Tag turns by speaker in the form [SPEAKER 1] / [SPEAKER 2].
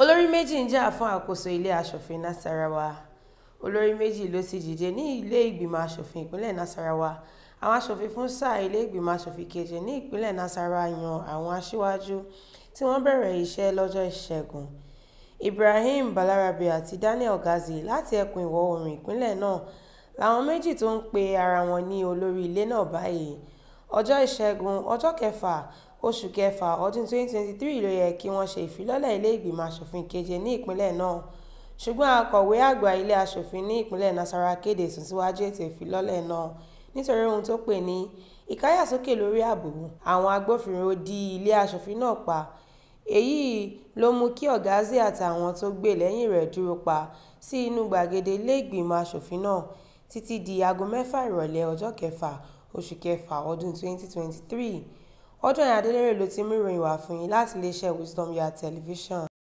[SPEAKER 1] olórí méjì ń jà fún àkóso ilé asòfin nasarawa olórí méjì ló ti dìde ní ilé ìgbìmọ̀ asòfin ìpínlẹ̀ nasarawa àwọn asòfin fún sáà ilé ìgbìmọ̀ asòfin keje ní ìpínlẹ̀ nasarawa yan àwọn aṣíwájú tí wọ́n bẹ̀rẹ̀ iṣẹ́ lọ́jọ́ ìṣẹ́gun ibrahim balarabe àti daniel gazi láti ẹkùn ìwọ̀ oòrùn ìpínlẹ̀ náà làwọn méjì tó ń pe ara wọn ní olórí ilé náà báyìí ọjọ́ ìṣẹ́gun ọjọ́ kẹfà oṣù kẹfà ọdún 2023 ló yẹ kí wọ́n ṣe ìfilọ́lẹ̀ ilé ìgbìmọ̀ asòfin keje ní ìpínlẹ̀ náà ṣùgbọ́n akọ̀wé àgbà ilé asòfin ní ìpínlẹ̀ nasarawa kéde ìsúnsíwájú ètò ìfilọ́lẹ̀ náà nítorí ohun tó pè ní ìkáyàsókè lórí ààbò àwọn agbófinró di ilé asòfin náà pa èyí ló mú kí ọ̀gázì àtàwọn tó gbè lẹ́yìn rẹ̀ dúró pa sí inú gbàgede ilé ìgbìmọ̀ asòfin náà títí di aago mẹ́fà ìrọ̀lẹ́ ọjọ́ kẹfà oṣù kẹfà ọdún 2023 Ọdúnládé Adélèrè ló ti mú ìròyìn wá fún yín láti iléeṣẹ́ Wisdom Yard Television